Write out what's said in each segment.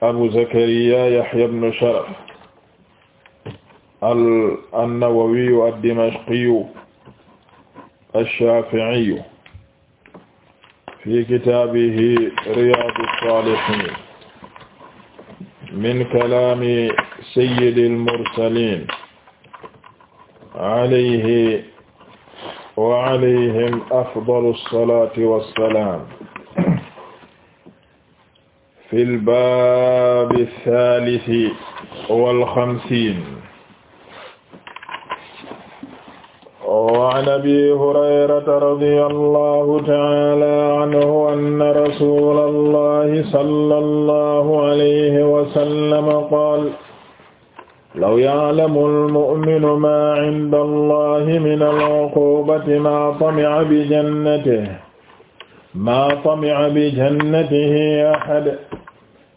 abu zakariya yahya ibn sharaf an-nawawiyu ad-dimashqiyu ash-shafi'iyu fi kitaabihi riyaadu saalihiin min kalaami sayyidil mursaliin alayhi wa alayhim afdalu salaati wa salaam fi lbaabi saalisi wal xamsiin wa an abi hurayrata radiyallahu ta'aala anhu anna rasuulallahi sallallahu alayhi wa sallam qaala law ya'lamul mu'minu maa 'inda allahi minal 'uquubati maa tami'a bi jannatihi maa tami'a bi jannatihi ahad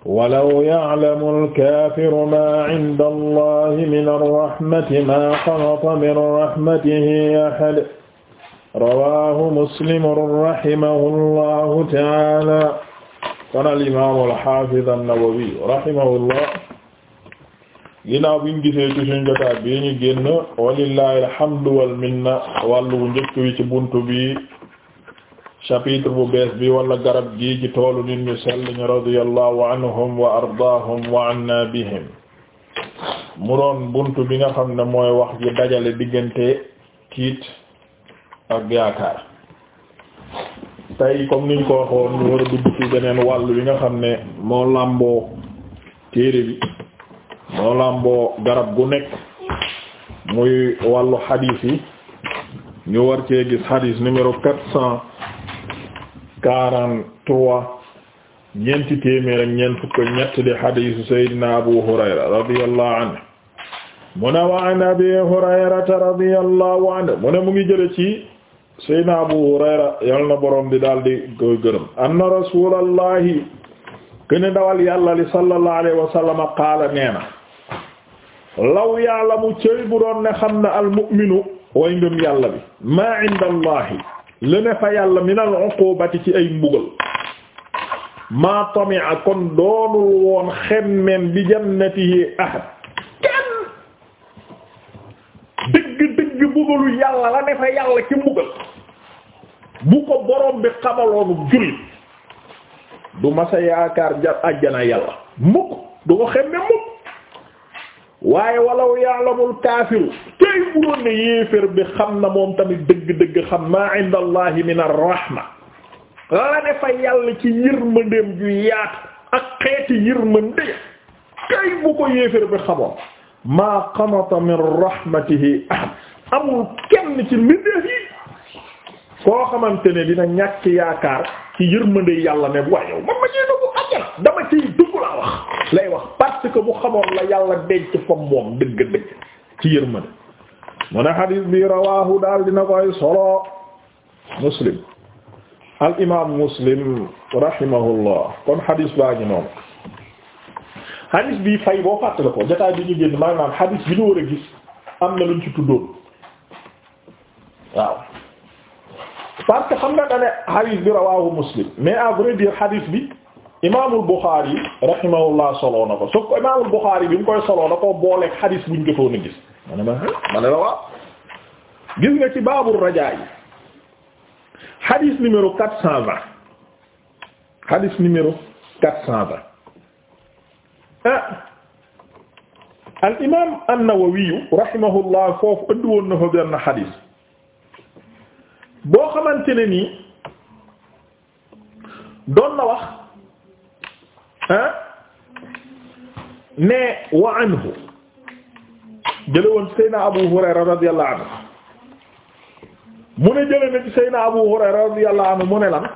walaw ya'lamu al-kaafiru maa 'inda Allahi mina rahmati maa qanata min rahmatihi ahad rawaahu Muslim rahimahullahu ta'aala kon al-imaam al-haafiz an-Nawawi rahimahullah ginnaaw bi ñu gisee ci suñu jotaay bi ñu génn walillahi alhamdu wal minna wàllu njëkk wi ci buntu bi chapitre bu bees bi walla garab gii ci toolu nit ñu sell ñu radiyallahu anhum wa ardaahum wa anna mu doon buntu bi nga xam ne mooy wax ji dajale diggante tiit ak yaakaar tey comme niñ ko waxoon ñu war a dugg ci beneen wàll wi nga xam ne moo làmboo téere bi moo làmboo garab gu nekk muy wàllu xadiis yi ñu war cee gis xadiis numéro quatre cent quarante-trois ñeenti téeméer ak ñeent fukk di hadiisu Seydina Abu Hurayra radiyallahu anhu mu ne wa an Abi Hurayrata radiyallahu anhu mu ne mu ngi jële ci Seydina Abu Hurayra yal borom di daal di koy gërëm anna rasulallahi kene dawal yàlla li sallallahu alayhi qaala neena law ya'lamu cëy doon ne xam na al way ngëm yàlla ma inda allahi le ne fa yàlla minal uqubati ci ay mbugal maa tami a kon doonul woon xemmem bi jannatihi ahad kenn dëgg dëgg mbugalu yàlla la ne fa yàlla ci mbugal bu ko borom bi xamaloonu jullit du masa yaakaar jar àjjana yàlla mukk du ko xemme mukk waaye walaw ya'lamul kaafiru tey bu doon ne yéefér bi xam na moom tamit dëgg-dëgg xam maa inda allahi min ar-rahma la ne fa yàlla ci yërmandeem ju yaatu ak xeeti yërmande tey bu ko yéefér bi xamoon maa qanata min rahmatihi ahad amul kenn ci mbindeef yi koo xamante ne dina ñàkk yaakaar ci yërmande yàlla ne waaye yow man ma ciy dugg àjjana dama ciy dugg laa wax lay wax parce que bu xamoon la yàlla denc fa moom dëgg-dëgg ci yërmande mu ne xadis bi rawaahu daal dina koy solo muslim al imam muslim rahimahullah kon xadis baa noonu xadis bi fay boo fàttale ko jotaay bi ñu génn maanaam xadis bi ñu war a gis am na luñ ci tuddoon waaw parce que xam nga bi rawaahu muslim mais à vrai dire xadis imaamul Buxaari rahimahullah soloo ko soo ko imaamul Buxaari bi mu koy soloo na ko booleeg xadis buñ jotoon a gis ma ne ma ma ne la waaw gis nga ci baabul rajaa yi xadis numéro quatre cent vingt xadis numéro quatre cent vingt ah al imaam an foofu ëndi woon na fa benn xadis boo xamante ne nii doon na wax. mais wa anhu jële woon Seydina Abu Hurayra radiyallahu anhu mu ne jële na ci Seydina Abu Hurayra radiyallahu anhu mu ne lan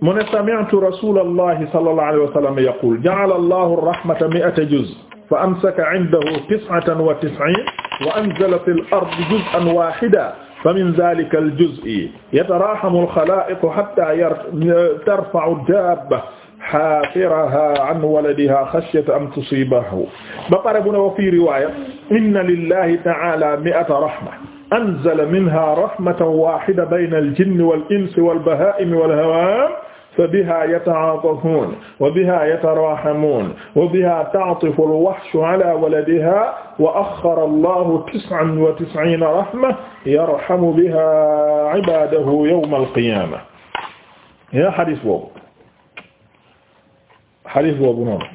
mu ne sami'tu rasulallahi sallallahu alayhi wa sallam yaqul ja'ala Allahu ar-rahmata mi'ata juz fa amsaka 'indahu tis'atan wa tis'in wa anzala fil ardi juz'an wahidan fa min zalika aljuz'i yatarahamu alxalaa'iqu hatta tarfa'u daabba xaafiraha an waladiha xashyata an tusibahu ba pare bu ne wa fii riwaya inna lillahi ta'ala mi'ata rahma anzala minha rahmatan wahida bayna aljinni wal insi wal bahaa'imi wal hawaam fa biha yataatafun wa biha yatarahamun wa biha taatifu alwahshu ala waladiha wa axara allahu tis'an wa tis'iina rahma yarhamu biha ibadahu yawma alqiyama ya xadis boobu xadis boobu noonu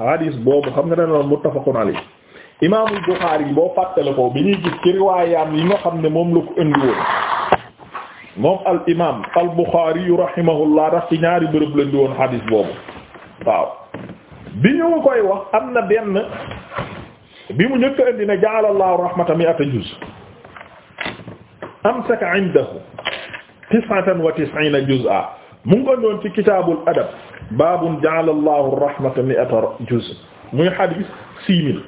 xadis boobu xam nga ne noonu muttafaqun alayhi imaamul Buxaari boo fàttale ko bi ñuy gis ci riwaayam yi nga xam ne moom la ko indi woon moom al imaam al Buxaari rahimahullah tax ci ñaari bërëb la di woon xadiis boobu waaw bi ñu koy wax am na benn bi mu njëkk a indi ne ja'ala Allahu rahmata mi'ata juz amsaka 'indahu tis'atan wa tis'iina juz'a mu ngi doon ci kitaabul adab baabun ja'ala Allahu rahmata mi'ata juz muy xadiis six mille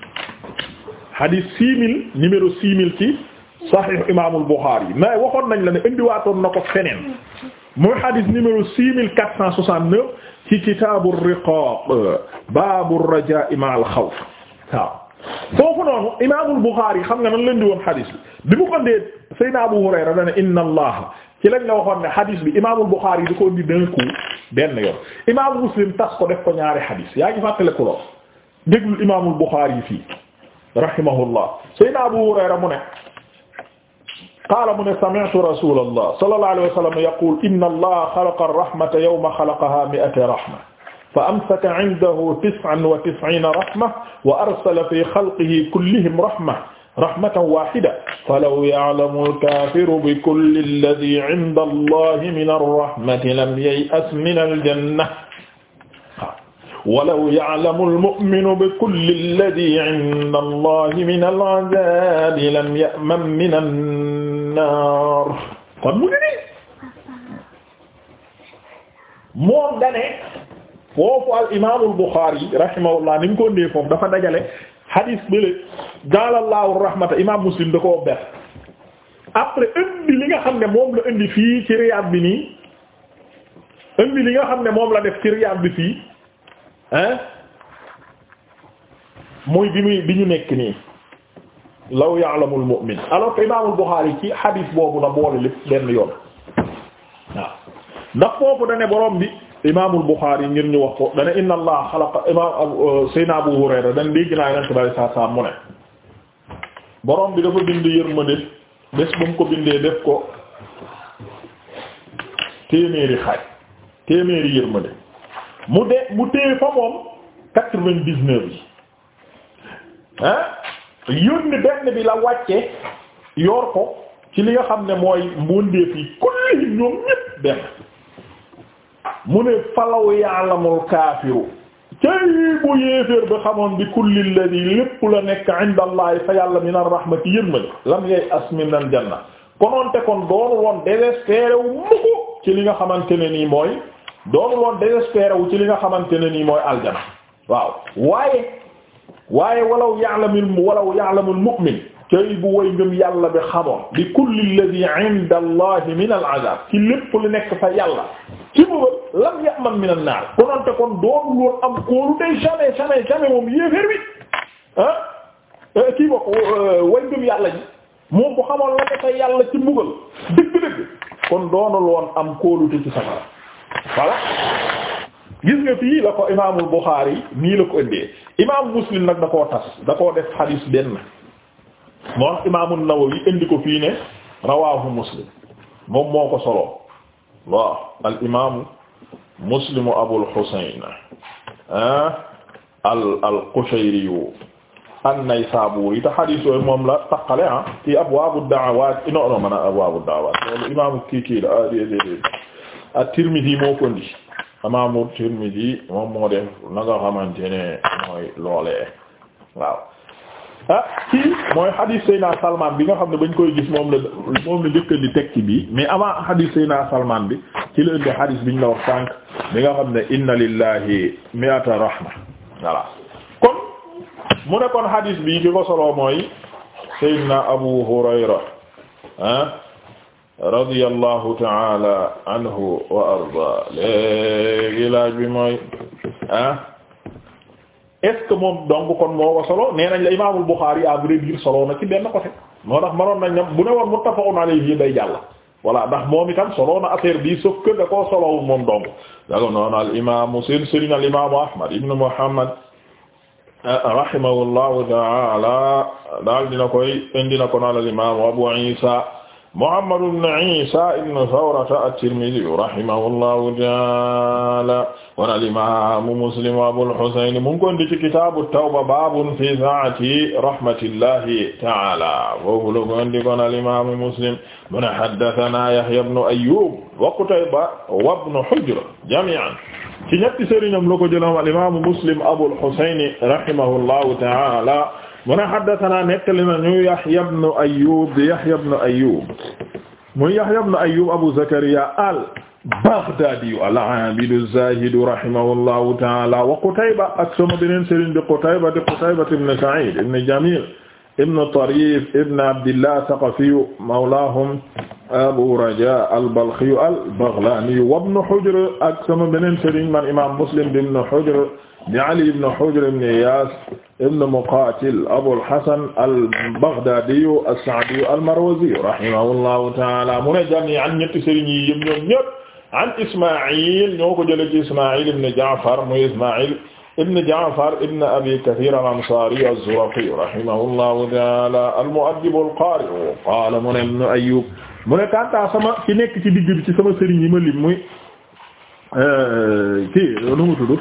xadiis six mille numéro six mille ci saxiix imaamul Buxaari mais waxoon nañ la ne indiwaatoon na ko feneen muy xadis numéro six mille quatre cent soixante neuf ci kitaabu riqaaq baabu rajaa'i ma'al xawf waaw foofu noonu imaamul Buxaari xam nga nan la indiwoon xadis bi bi mu andee Seydina Abu Hurayra dana inna allah ci lañ la waxoon ne xadis bi imaamul Buxaari da ko indi d'un coup benn yoon imaamul Muslim tas ko ko ñaari xadis yaa ngi Abu Hurayra mu ne. qaala mu ne sami'tu rasulallah sallallahu alayhi wa sallam yaqul inna allaha xalaqa ar-rahmata yawma xalaqaha mi'ata rahma fa amsaka 'indahu tis'an wa tis'iina rahma wa arsala fi xalqihi kullihim rahma rahmatan waahida falaw ya'lamu al-kaafiru bi kulli alladhii 'inda allahi min ar-rahmati lam yay'as min al-janna walaw ya'lamu al-mu'minu bi kulli alladhii 'inda allahi min al-'adhaabi lam ya'mam min naar kon mu ngi moom dane foofu al imaamul Buxaari rahimahullah ni mu ko ndee foofu dafa dajale hadis bële jaalallahu rahmata imaam Muslim da koo ber après indi li nga xam ne moom la indi fii ci Riyaad bi nii indi li nga xam ne moom la def ci Riyaad bi fii hein muy bi muy bi ñu nekk nii law ya'lamul mu'min alors que imaamul Buxaari ci hadith boobu la boole lépp benn yoon waaw ndax foofu dane borom bi imaamul Buxaari ngir ñu wax ko dane inna allah xalaqa imaam euh, sayna Abu Hurayra dane dégg naa yonent bi saa saa mu ne borom bi dafa bind yërmande bés bu mu ko bindee def ko téeméeri xaaj téeméeri yërmande mu de mu téye fa moom quatre vingt dix yi ah yónni benn bi la wàcce yor ci li nga xam ne mooy mbóondeef yi kulli ñoom ñépp benn mu ne falaw ya'lamul kaafiru cay bu yéeféer ba xamoon bi kulli ladhi lépp la nekk inda allah fa yàlla min ar-rahmati yén ma lam yay as min al janna kon doonu woon désespéré wu muku ci li nga xamante ne nii mooy doonu woon désespéré ci li nga xamante ne nii mooy aljana waaw waaye waaye walaw ya'lamu walaw ya'lamu al-mu'min kay bu way ngëm yàlla bi xamoon li kulli alladhi 'inda Allah min al-'adab ci lépp lu nekk fa yàlla ci boobu lam ya'man min an-nar konoon te kon doon loolu am kóolu day jamais jamais jamais moom yéeféer bi ah eh, kii bokk eh, way ngëm yàlla ji moom bu xamoon la ko fa yàlla ci mbugal dëgg-dëgg kon doonul woon am kóolute ci safara voilà gis nga fii la ko imaamul Buxaari nii la ko ëndee imaam Muslim nag da koo tas da koo def xadiis benn moo tax Nawawi indi ko fii ne rawaahu Muslim moom moo ko solo waaw al imaamu Muslimu Abul Husayn ah al al Qushayriyu an-Naysaburi te xadiis yooyu moom la taqale ah ci abwaabu da'awaat ino no man abwaabu da'awaat loolu imaamu kii kii la ah, moo ko indi imaamu Tirmidi moom moo def na nga xamante ne mooy loolee waaw ah kii mooy hadith Seyna Salman bi nga xam ne bañ koy gis moom la moom la jëkk di teg ci bii mais avant hadith Seyna Salman bi ci la indi hadith biñ la wax sànq bi nga xam ne inna lillahi mi'ata rahma voilà kon mu ne kon hadith bi ko solo mooy Seyna Abu Hurayra ah radiyallahu ta'ala anhu wa arda léegi laaj bi mooy ah est-ce que moom donc kon moo ko solo nee nañ la imaamul Bukhari à vrai dire solo na ci benn côté moo tax mënoon nañ ne bu ne woon muttafaqun alayhi day jàll voilà ndax moom itam solo na affaire bi sauf que da koo solowul moom donc daga noonu al imaamu seen sëriñ al imaamu Ahmad ibn Muhammad ah, rahimahullahu ta'ala daal dina koy indi na ko naan al imaamu Abu Isa Muhammad ibn Isa ibn Thawrata at-Tirmidhi rahimahullahu ta'ala wa al-imam Muslim Abul Husayn mu ngi koy indi ci kitaabu tawba baabun fi saa'ati rahmatillahi ta'ala foofu la koy indi kon al-imam Muslim mu ne haddathana Yahya ibn Ayyub wa Qutayba wa ibn Hujr jami'an ci ñetti sëriñam la ko jëloon al-imam Muslim Abul Husayn rahimahullahu ta'ala mu ne haddathana nettali na ñu Yahya ibn Ayyub di Yahya ibn Ayyub muy Yahya ibn Ayyub Abu Zakariya al-Baghdadi al-abid az-zahid rahimahullahu ta'ala wa Qutayba ak sama beneen sëriñ di Qutayba di Qutayba ibn Sa'id ibn Jamil ibn Tarif ibn Abdillah Thaqafi mawlahum Abu Raja al-Balkhi al-Baghlani wa ibn Hujr ak sama beneen sëriñ man imam Muslim ibn Hujr di Ali ibn Hujr ibn Iyas ibn Muqatil Abul Hasan al-Baghdadi as-Sa'di al-Marwazi rahimahullahu ta'ala mu ne jami'an ñetti sëriñ yi yëpp ñoom ñëpp an Isma'il ñoo ko jëlee ci Isma'il ibn Ja'far muy Isma'il ibn Ja'far ibn Abi Kathir al-Ansari az-Zuraqi rahimahullahu ta'ala al-mu'addib al-qari' qala mu ne ibn Ayyub mu ne kanta sama ci nekk ci digg bi ci sama sëriñ yi ma lim muy euh, kii nu mu tudd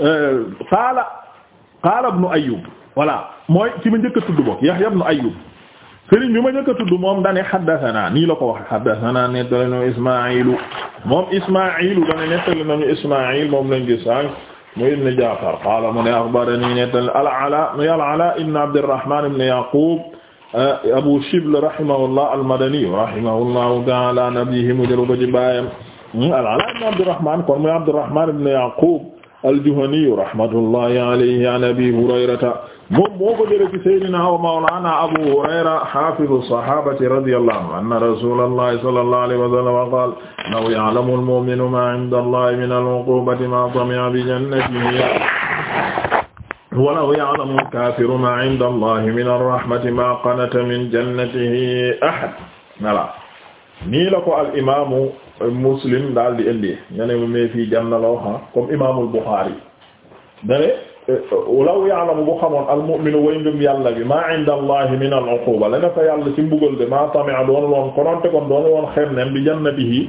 qaala euh, qaala ibnu Ayyub voilà mooy ci ma njëkk a tudd bokk Yahya ibnu Ayyub sëriñ bi ma njëkk a tudd moom dane xaddasanaa nii la ko waxe xaddasanaa nettali nañu Ismaa'ilu moom Ismaa'ilu dane nettali nañu Ismaa'il moom lañ gis sànq mu ibn Jaafar qaala mu ne axbaranii nettali al-Alaa muy al-Alaa ibn Abdirrahmaan ibn Yaquub euh, Abu Shibl rahimahullah al-Madani rahimahullahu ta'aala an abiihi mu jël ko ci baayam hmm, al-Alaa ibn Abdirrahmaan kon muy Abdirrahmaan ibn Yaquub al-Juhani rahmatullahi alayhi an Abi Hurayrata moom moo ko jëlee ci Seydina wa Mawlana Abu Hurayra hafizu sahabati radiyallahu anhu anna rasulallahi sallallahu alayhi wa sallam qala law ya'lamu al-mu'minu ma 'inda Allahi min al-'uqubati ma tami'a bi jannatihi walaw ya'lamu al-kaafiru ma 'inda Allahi min ar-rahmati ma qanata min jannatihi ahad voilà nii la ko al-imaamu muslim daal di indi ñu ne ma fii jam na la wax comme imaamul Buxaari ne eh, law bu xamoon al-mu'minu way ngëm yàlla bi maa ci mbugal de maa tami'a doonu loon kononte kon doonu loon xem nem bi jannatihi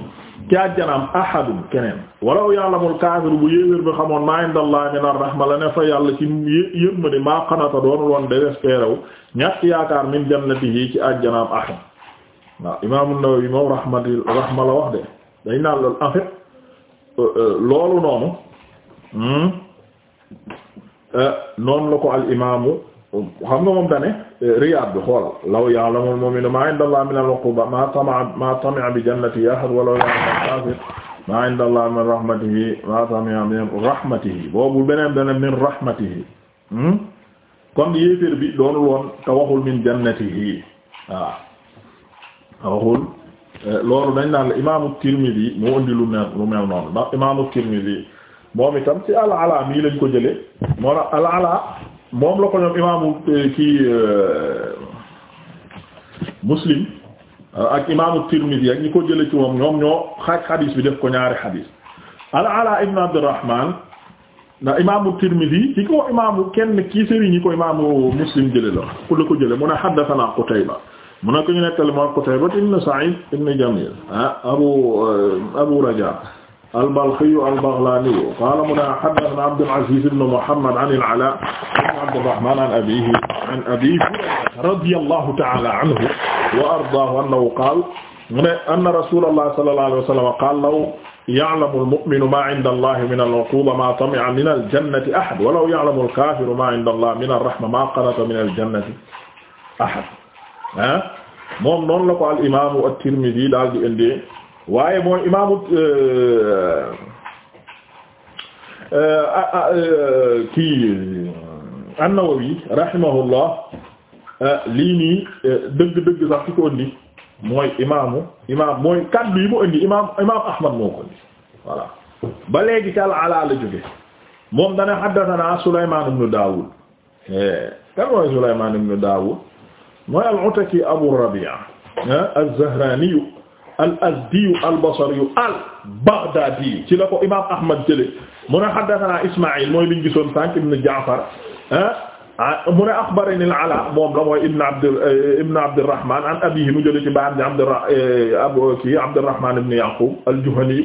ci àjjanaam ahadun keneen walaw ya'lamul kaafiru bu yéeféer bi xamoon maa inda min ar-rahma la ne fa yàlla ci yëm ma qanata doonu loon désespéré wu ñàkk yaakaar min jannatihi ci àjjanaam ahad waaw imaamu Nawawi moom rahma la wax de dañ naan loolu en fait euh, euh, loolu noonu hmm, euh, noonu la ko al imaamu xam nga moom dane Riyaad bi xoolal law ya'lamu al-mu'minu ma 'inda Allah min al-'uquba ma tama'a ma tami'a bi jannati ahad wa law ya'lamu al-kafir ma 'inda Allah min rahmatihi ma tami'a min rahmatihi boobu beneen dane min rahmatihi hmm, kon yéeféer bi doonul woon te waxul min jannatihi waaw waxul Euh, loolu dañ naan la imaamu Tirmidi moo indi lu mel lu mel noonu ndax imaamu Tirmidi moom itam ci al-Ala mii lañ ko jëlee moo tax al-Ala moom la ko ñoom imaamu euh, kii euh, Muslim ak imaamu Tirmidi ak ñu ko jëlee ci moom ñoom ñoo xaaj xadiis bi def ko ñaari xadiis al-Ala ibn Abdurrahman ndax imaamu Tirmidi ci ko imaamu kenn kii sëriñ ñi ko imaamu Muslim jëlee la ku la ko jëlee mun a haddathana Qutayba mu ne ko ñu nettali moo Qutayba ibn Sa'id ibn Jamil ah Abu euh, Abu Raja al-Balkhi al-Baghlani qala mu ne haddathana Abdul Aziz ibn Muhammad an al-Ala ibn Abd al-Rahman an abihi an abi radiyallahu ta'ala anhu wa ardaahu annahu qala mu ne anna rasulullah sallallahu alayhi wa sallam qala law ya'lamu al-mu'minu ma 'inda allahi min al-'uquba ma tami'a min al-jannati ahad wa law ya'lamu al-kafiru ma 'inda allahi min ar-rahma ma qanata min al-jannati ahad ah. moom noonu la ko al imaamu at-Tirmidhi daal di indee waaye mooy imaamu euh, euh, euh, kii an-Nawawi rahimahullah lii nii dëgg-dëgg sax ci ko indi mooy imaamu imaam mooy kàddu yi mu indi imaam imaam Ahmad moo ko indi voilà ba léegi ca moom dana haddathana Sulaymaan ibn Daawud eh, kan mooy Sulaymaan ibn Daawud mooy al-Utaki Abu Rabi'a ah, az-Zahraniyu al-Azdiyu al-Basriyu al-Baghdadiyu ci la ko imaam Ahmad jële mu ne haddathanaa Ismaa'il mooy liñ gisoon sànq ibn Ja'far ah, ah, mu ne axbarani al-Alaa moom la mooy ibn Abd eh, ibn Abdirrahmaan an abiihi mu jële ci baayam di eh, Abdirrahmaan ibn Ya'quub al-Juhani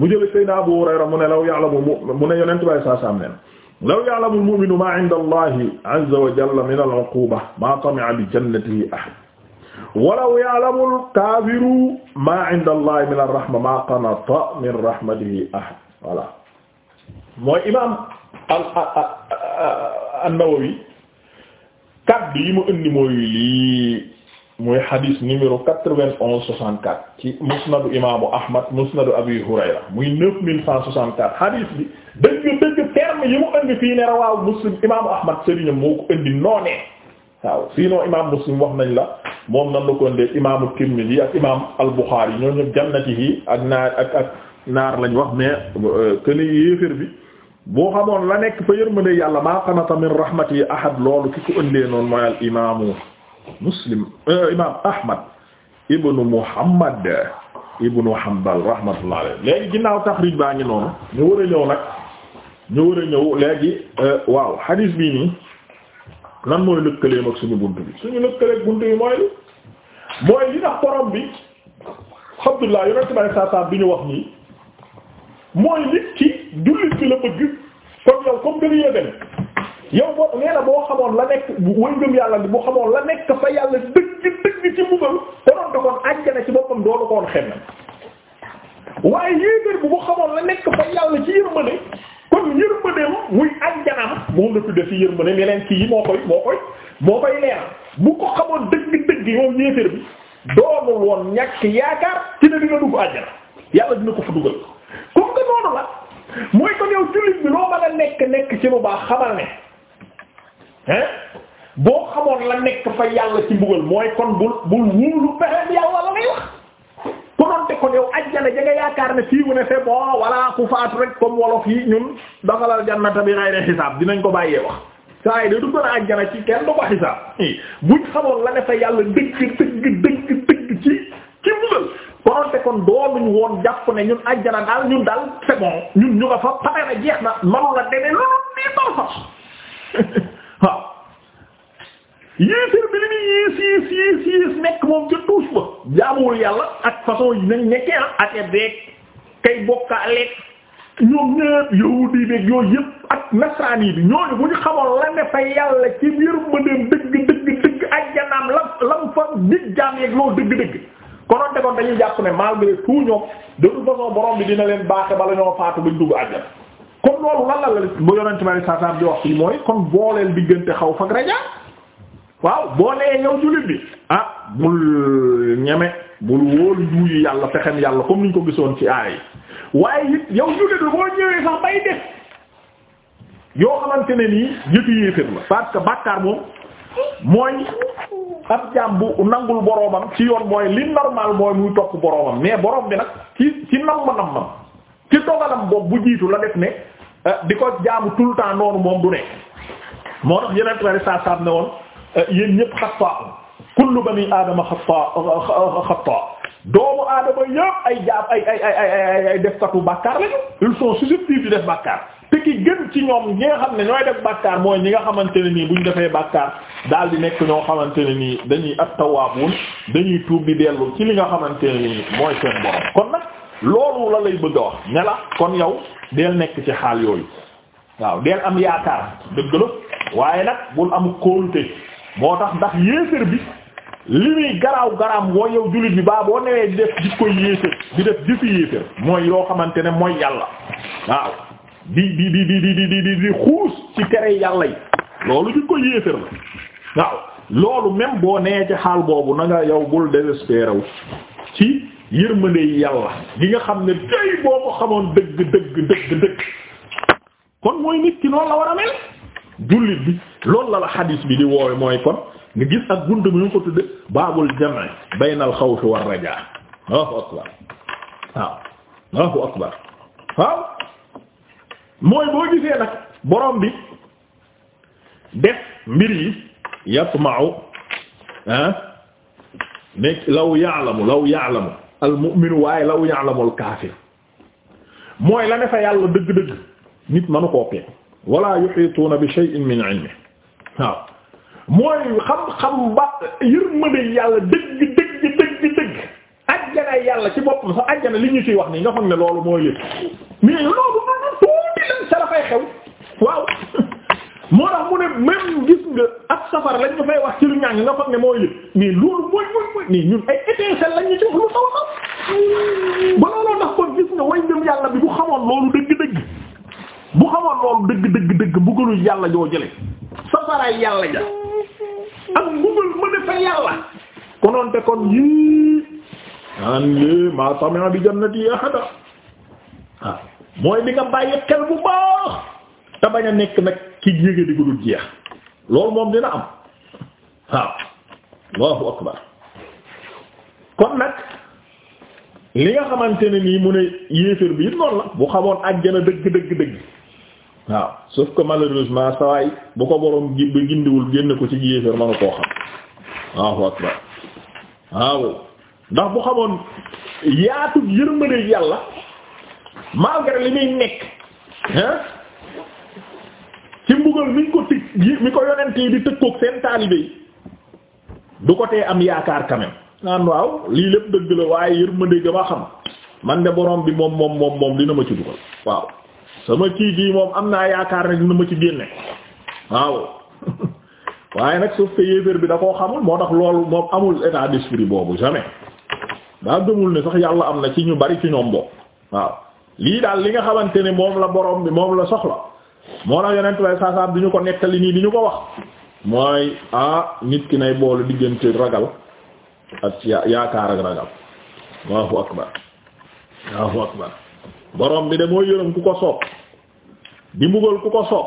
mu jële Sayyidinaa Abu Hurayra mu ne law ya'lamu mu ne yonent bi saa saam neen law ya'lamu al-mu'minu ma 'inda Allahi 'azza wa jalla min al-'uquba ma tami'a bi jannatihi ahad wa law ya'lamu al-kafiru ma 'inda Allahi min ar-rahma ma qanata min rahmatihi ahad voilà mooy imaam an-Nawawi kaddu yi mu indi mooy lii mooy hadith numéro quatre-vingt-onze soixante-quatre ci musnadu imaamu Ahmad musnadu Abi Hurayra muy neuf mille cent soixante-quatre hadith bi yi mu indi fii ne rawaaw muslim imaamu ahmad sëriñam moo ko indi muslim wax nañ la moom nan la ko indee imaamu tirmidhi ak imaam al-bukhari ñoo ñëpp jannati yi ak naar ak naar lañ wax mais këni euh, yéeféer bi boo xamoon la nekk fa yërmande yàlla maa qanata min rahmati ahad loolu ki ko ëndee noonu mooy al imaamu muslim euh, imaam ahmad ibnu muhammad ibnu hanbal rahmatullah alayhi léegi ginnaaw taxrij baa ngi noonu ñu war a ñëw ñu war a ñëw léegi euh, waaw hadis bii nii nan mooy lëkkaleem ak suñu bunt bi suñu lëkkaleeg bunt bi mooy mooy li tax borom bi Abdullah yonent bi sallallahu alayhi wasallam bi ñu wax nii mooy nit ki jullit bi la bëgg kon yow comme dëgg yéegane yow boo nee na boo xamoon la nekk wëy ngëm yàlla bi boo xamoon la nekk fa yàlla dëgg ci yërmande ne leen kii moo koy moo koy moo koy leeral bu ko xamoon dëgg-dëgg moom yéeféer bi doonul woon ñàkk yaakaar ci ne dina dugg àjjana yàlla dina ko fa dugal comme que noonu la mooy ko yow jullit bi loo mën a nekk nekk ci bu baax xamal ne hein boo xamoon la nekk fa yàlla ci mbugal mooy kon bul bul wóolu pexe yàlla la lay wax kon yow ajjana ja yaakaar ne fii mu ne c'est bon walla ku faatu rek comme wolof yi ñun doxalal na bi ghayri xisaab dinañ ko bàyyee wax saa yi da dugg na ajjana ci kenn du ko xisaab buñ xamoon la ne fa yàlla dëgg dëgg dëgg dëgg ci ci mbugal konoon te kon doonuñ woon jàpp ne ñun ajjana daal ñun daal c'est bon ñun ñu nga fa pare na jeex na manu la demee loolu nii par force waaw yéeféer bi li yées yées yées yées nekk moom ca tuus ba jaamuwul yàlla ak façon yi nañ nekkee ah ate beeg kay bokkaaleeg ñoom ñëpp yahudi beeg yooyu yëpp ak nasraani bi ñooñu bu ñu xamoon la ne fa yàlla ci yërmandeem dëgg dëgg dëgg ajjanaam lam lam fa nit jaam yeeg loolu dëgg dëgg konoon te kon dañuy jàpp ne malgré tout ñoom de toute façon borom bi dina leen baaxe bala ñoo faatu buñ dugg àjjana kon loolu lan la la bu yonente ma li saasam di wax mooy kon booleel diggante xaw fak raja waaw boo nee yow jullit bi ah bul ñeme bul wóolu duuyi yàlla fexem yàlla comme niñ ko gisoon ci aay waaye it yow jullit bi boo ñëwee sax bay def yoo xamante ne nii yëtu yéefér la parce que bàkkaar moom mooy ab jaam bu nangul boroomam ci yoon mooy li normal mooy muy topp boroomam mais boroom bi nag ci ci nam ma nam mam ci dogalam boobu bu jiitu la def ne euh, di ko jaamu tout le temps noonu moom du ne moo tax yeneen tari sa sam ne woon Euh, yéen ñëpp xataa kullu bani aadama xataa aadama yëpp ay jaab ay ay ay ay defkatu bàkkaar lañu ils sont susceptibles di def bàkkaar te ki gën ci ñoom ñi nga xam ne ñooy def bàkkaar mooy ñi nga xamante ne nii buñ defee bàkkaar daal di nekk ñoo xamante ne nii dañuy at-tawwaabuun dañuy tuub di dellu ci li nga xamante ne nii mooy seen borom kon nag loolu la lay bëgg wax ne la kon yow deel nekk ci xaal yooyu waaw deel am yaakaar dëgg la waaye nag bul amu kóolute. moo tax ndax yéeféer bi li muy garaaw garaam woo yow jullit bi baa boo newee di def jikko yéeféer di def jëfi yéeféer mooy yoo xamante ne mooy yàlla waaw di di di di di di di xuus ci tere yàlla yi loolu jikko yéeféer la waaw loolu même boo newee ci xaal boobu na yow bul désespéré wu ci yërmande yàlla gi nga xam ne tey boo ko xamoon dëgg dëgg dëgg dëgg kon mooy nit ki noonu la war a mel jullit bi loolu la la xadiis bi di woowe mooy kon nga gis ak gunt bi ñu ko tudd baabul jami baynal xawfi war rajaa Allahu akbar waaw Allahu akbar mooy boo gisee nag borom bi def mbir yi yatma'u ah nekk law ya'lamu law ya'lamu al mu'minu waaye law ya'lamu al mooy la ne fa yàlla dëgg-dëgg nit manu koo peeg wala yuhituuna bi shay'in min ilmihi waaw mooy xam-xam ba yërmande yàlla dëgg dëgg dëgg dëgg ajjana yàlla ci boppam sax ajjana li ñu ciy wax nii nga xam ne loolu mooy lépp mais loolu noonu lañ ñu fay wax ci lu ñàng nga xam ne mooy mooy mooy mooy nii ñun ay étincelle lañ ñu ci wax lu xaw xam ba looloo tax kon gis nga way ngëm yàlla bi bu xamoon loolu dëgg-dëgg bu xamoon loolu dëgg dëgg dëgg mbugalu yàlla joo jële safaraay yàlla ja ak mbugal mën fa yàlla konoonte kon yii mooy di bàyyi xel bu baax te bañ a nekk nag ci yége di gudul jeex loolu moom dina am waaw allahu akbar kon nag li nga xamante ne nii mu ne yéeféer bi it noonu la bu xamoon àjjana dëgg dëgg dëgg waaw sauf que malheureusement sawaay bu ko borom gi ba gindiwul génn ko ci yéeféer manu koo xam waaw akbar waaw ndax bu xamoon yaatu yërmande yàlla malgré li muy nekk hein ci mbugal miñ ko tig mi ko yonent di tëkkoog seen taalibe yi du ko tee am yaakaar quand même naan waaw lii lépp dëgg la waaye yërmande ga ma xam man de borom bi moom moom moom moom dina ma ci dugal waaw sama kii gii moom am naa yaakaar ne dina ma ci génne waaw waaye nag sauf que yéeféer bi da koo xamul moo tax loolu moom amul état d'esprit boobu jamais daa gëmul ne sax yàlla am na ci ñu bari ci ñoom boobu waaw lii daal li nga xamante ne moom la borom bi moom la soxla moo tax yonent way saasaam di ñu ko nekkali nii di ñu ko wax mooy ah nit ki nay boolu diggante ragal ak yaakaar ak ragal Allahu akbar Allahu akbar borom bi de moo yërëm ku ko soob di mbugal ku ko soob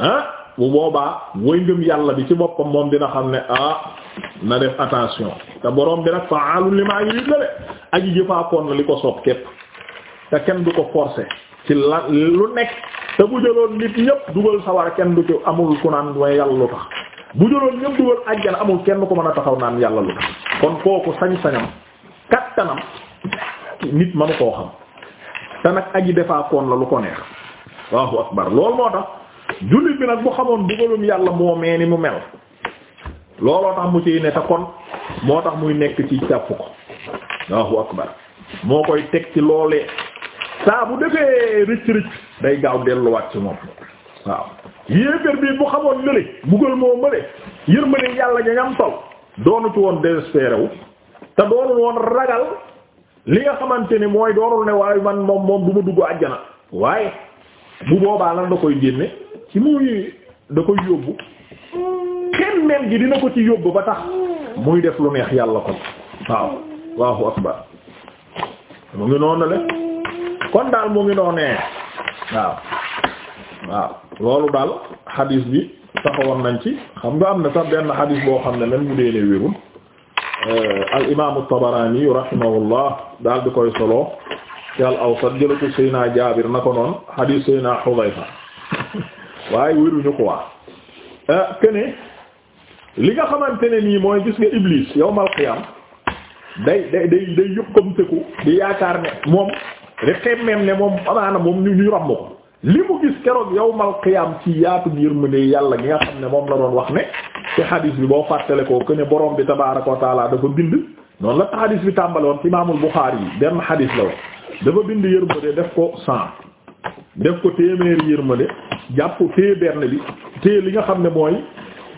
ah bu boobaa woy yàlla bi ci boppam moom dina xam ne ah na def attention te borom bi nag fa'aalun limaa yuriid la de aji jëfaakoon na li ko soob képp te kenn du ko forcer ci la lu nekk te bu jëloon nit ñépp dugal sawar kenn du ci amul ku naan way yàlla lu tax bu jëloon ñépp dugal ajjana amul kenn ko mën a taxaw naan yàlla lu tax kon kooku sañ-sañam kattanam nit mënu koo xam te nag aji defaa koon la lu ko neex Allahu akbar lool moo tax jullit bi nag bu xamoon dugalum yàlla moo mee ni mu mel looloo tax mu ciy ne te kon moo tax muy nekk ci càpp ko Allahu akbar moo koy teg ci loolee saa bu defee rëcc rëcc day gaaw delluwaat ci moom waaw yéeféer bii bu xamoon lële buggal moo mële yërmande yàlla ñañam tol doonu ci woon désespéré wu te doonu woon ragal li nga xamante ne mooy doonul ne waaye man moom moom du ma dugg àjjana waaye bu boobaa la da koy génne ci muy da koy yóbbu xen meen gi dina ko ci yóbbu ba tax muy def lu neex yàlla ko waaw waaw akbar mu ngi noonu le kon daal mu ngi noonee waaw waaw loolu daal xadiis bi taxawoon nañ ci xam nga am na sax benn xadiis boo xam ne même bu dee ne wérul Euh, al imaamu Tabarani daal di koy solo ci al awsat jëla ko Seyna Jaabir na ko noon hadith Seyna Hudayfa waaye wéruñu ko waa euh, kene li nga xamante ne yi mooy gis nga Iblis yawmal qiyaam day day day day yëkkamteku di yaakaar ne moom rek xemmeem ne moom amaana moom ñu ñu ràmm ko li mu gis keroog yawmal qiyaam ci yaatu yërmande yàlla gi nga xam ne moom la doon wax ne te xadis bi boo fàttale ko que ne borom bi tabaaraka wa taala dafa bind noonu la xadis bi tàmbale woon ci imaamul Buxaari yi benn xadis la woon dafa bind yërmande def ko cent def ko téeméeri yërmande jàpp téye benn bi téye li nga xam ne mooy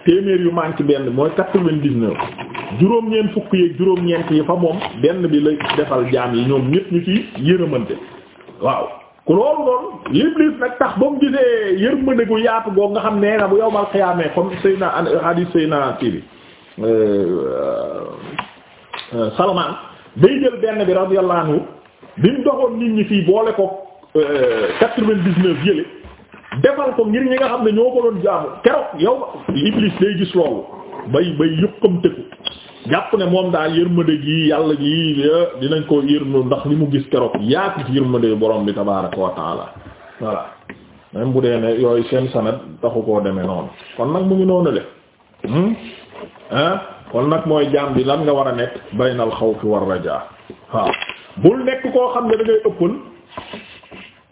téeméer yu manque benn mooy quatre-vingt-dix-neuf juróom-ñeent fukk yeeg juróom-ñeent yi fa moom benn bi la defal jaam yi ñoom ñëpp ñu ci yërëmante waaw ku loolu noonu Iblis nag tax ba mu gisee yërmande gu yaatu boobu nga xam nee na bu yowmal xiyaamee comme Seyna hadith Seyna Tibi euh, euh, Salman day jël benn bi radiyallahu anhu bi mu doxoon nit ñi fii boole ko euh, quatre-vingt-dix-neuf yële defal ko ngir ñi nga xam ne ñoo ko doon jaamu keroog yow Iblis day gis loolu bay bay yëkkamteku jàpp ne moom daal yërmande gi yàlla gi dinañ ko yërmande ndax li mu gis keroog yaatu ci yërmande borom bi tabaaraka wa taala voilà bu dee ne yooyu seen sanad taxu koo demee noonu kon nag mu ngi noonu le ah kon nag mooy jaam bi lan nga war a nekk baynal xawfi war rajaa waaw bul nekk koo xam ne da ngay ëppal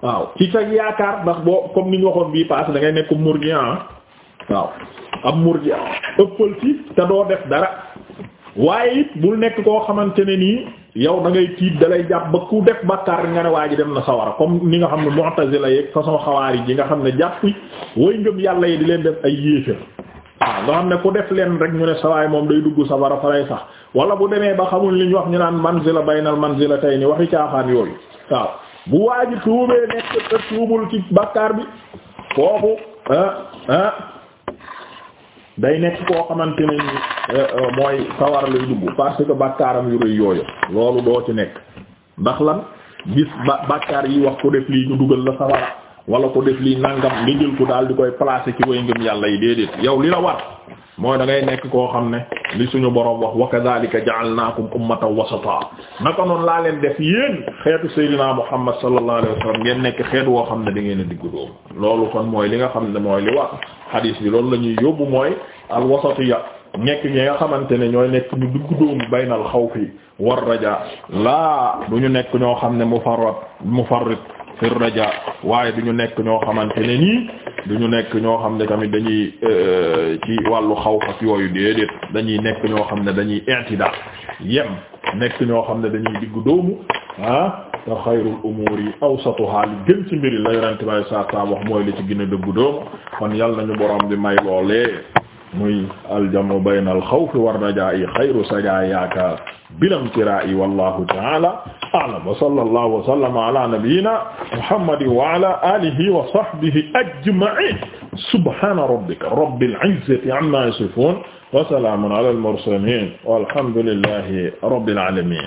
waaw ci sa yaakaar ndax boo comme ni waxoon bii paase da ngay nekk murji'a waaw am murji'a ëppal ci te doo def dara waaye it bul nekk koo xamante ne nii yow da ngay tiit dalay jàpp ba ku def bàkkaar nga ne waa ji dem na sawara comme ni nga xam ne mu'tazila yeeg façon xawaari yi nga xam ne jàpp way ngëm yàlla yi di leen def ay yéefér nga xam ne ku def leen rek ñu ne sawaay moom day dugg sawara fa lay sax wala bu demee ba xamul li ñu wax ñu naan manzila baynal manzila tey ni waxi caaxaan yooyu waaw bu waa ji tuubee nekk te tuubul ci bàkkaar bi kooku ah ah day nekk koo xamante ne ni euh, euh, mooy sawar lay dugg parce que bàkkaaram yu rëy yooyu loolu doo ci nekk ndax lan gis ba bàkkaar yi wax ko def lii ñu dugal la sawara wala ko def lii nangam nga jël ko daal di koy placer ci way ngëm yàlla yi déedéet yow li la war mooy da ngay nekk koo xam ne li suñu borom wax wa kadhalika ja'alnakum ummatan wasata naka noonu laa leen def yéen xeetu sayyidina muhammad sallallahu alayhi wasallam ngeen nekk xeet woo xam ne da ngeen a diggu dóomu loolu kon mooy li nga xam ne mooy li wax hadis bi loolu la ñuy yóbbu mooy al wasatiya nekk ñi nga xamante ne ñooy nekk ñu diggu dóomu baynal xawfi war raja laa du ñu nekk ñoo xam ne mufarrat mufarrit fi raja waaye du ñu nekk ñoo xamante ne nii du ñu nekk ñoo xam ne tamit dañuy euh, ci wàllu xawf ak yooyu déedéet dañuy nekk ñoo xam ne dañuy i'tidaal yem nekk ñoo xam ne dañuy diggu doomu ah te xayrul umuri awsatuha li gën ci mbiri la yonente bi saa saa wax mooy li ci gën a dëggu doomu kon yàlla nañu borom bi may loolee muy aljamu bayna alxawfi war rajaa'i xayru sajaayaaka bilamtiraa'i wallahu ta'ala a'lam wa sallallahu wa sallama ala nabiyyina muhammadin wa ala alihi wa sahbihi ajma'in subhana rabbika rabbil izzati amma yasifun wa salamun ala al mursalin walhamdulillahi rabbil alamin